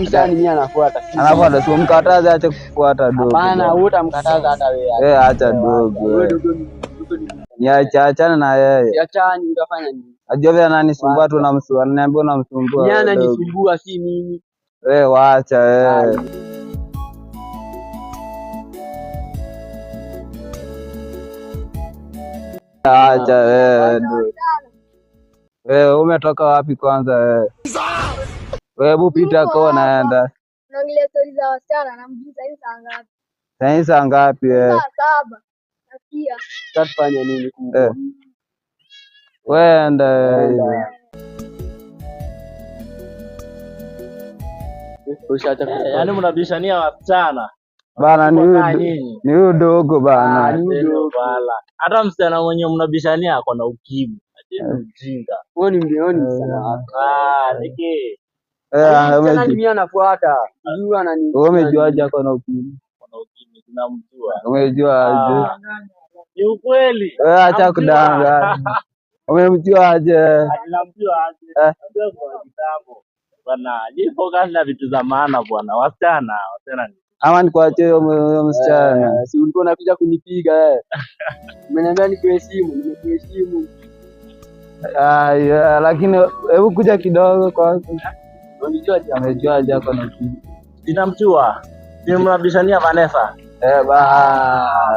mimi anafuata, anafuata sio, mkataza acha kufuata dogo. Hapana, utamkataza hata wewe, eh, acha dogo, niacha achana na yeye, siachani. Utafanya nini? Ajua vile ananisumbua tu, unamsumbua. Yeye ananisumbua si mimi. Eh, waacha eh. Acha wewe. Ah. Eh, wewe umetoka wapi kwanza wewe? Hebu pita kwa naenda. Unaangalia stori za wasichana na mjui saizi saa ngapi? Saizi saa ngapi wewe? Saa saba. Nasikia. Tutafanya nini kumbe? Eh. Wenda. Eh, yaani mnabishania wasichana. Bana ni huyu dogo ah, bana. Hata msichana mwenye mnabishania ako na ukimwi. Ati mjinga. Eh. Wewe ni mlioni sana. Ah, niki. Eh, yaani umejuaje ako na ukimwi? Umejuaje? Acha kudanga. Umemjuaje? Ama nikuache hiyo msichana, eh, si ulikuwa unakuja kunipiga? Eh. Umeniambia nikuheshimu, nimekuheshimu. Lakini hebu kuja kidogo kwako. Unamjuaje? Amejuaje hapo na mtu? Ninamjua. Nimemrabishania Vanessa. Eh, ba.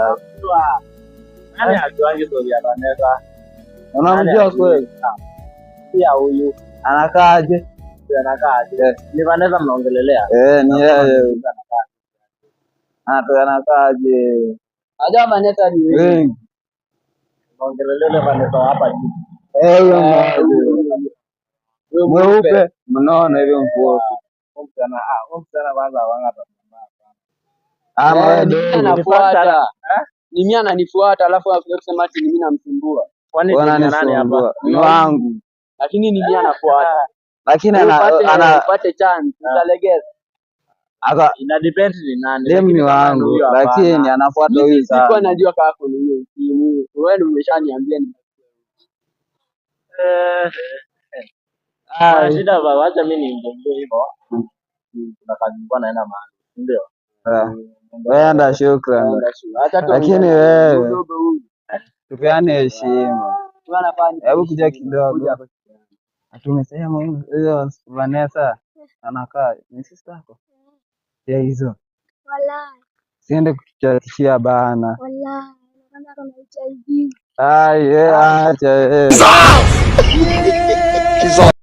Unamjua. Nani eh? ajuaje story ya Vanessa? Unamjua kweli? Pia huyu anakaaje? Anakaaje? Eh. Ni Vanessa mnaongelelea? Eh, ni yeye. Hapo anakaaje? Ajua Vanessa ni wengi. Mnaongelelea Vanessa hapa juu. Eh, huyo eh, mweupe mnono hivyo mfupi ni mimi ananifuata, eh? alafu mimi namsumbua. Kwani ni wangu, lakini ni mimi anafuata, lakini chance utalegeza ah. Aka ina depend ni nani. Dem ni wangu lakini anafuata huyu sana. Sikuwa najua kaka yako ni Wewe umeshaniambia ni. Eh. Ah, shida mimi hivyo. Hmm. Kuna kazi nilikuwa naenda mahali, ndio. Ah. Wewe shukrani. Lakini wewe tupeane heshima. Hebu kuja kidogo. Tumesema hiyo Vanessa anakaa ni sister yako. Ya hizo. Siende kuchatishia bana. Ai, acha.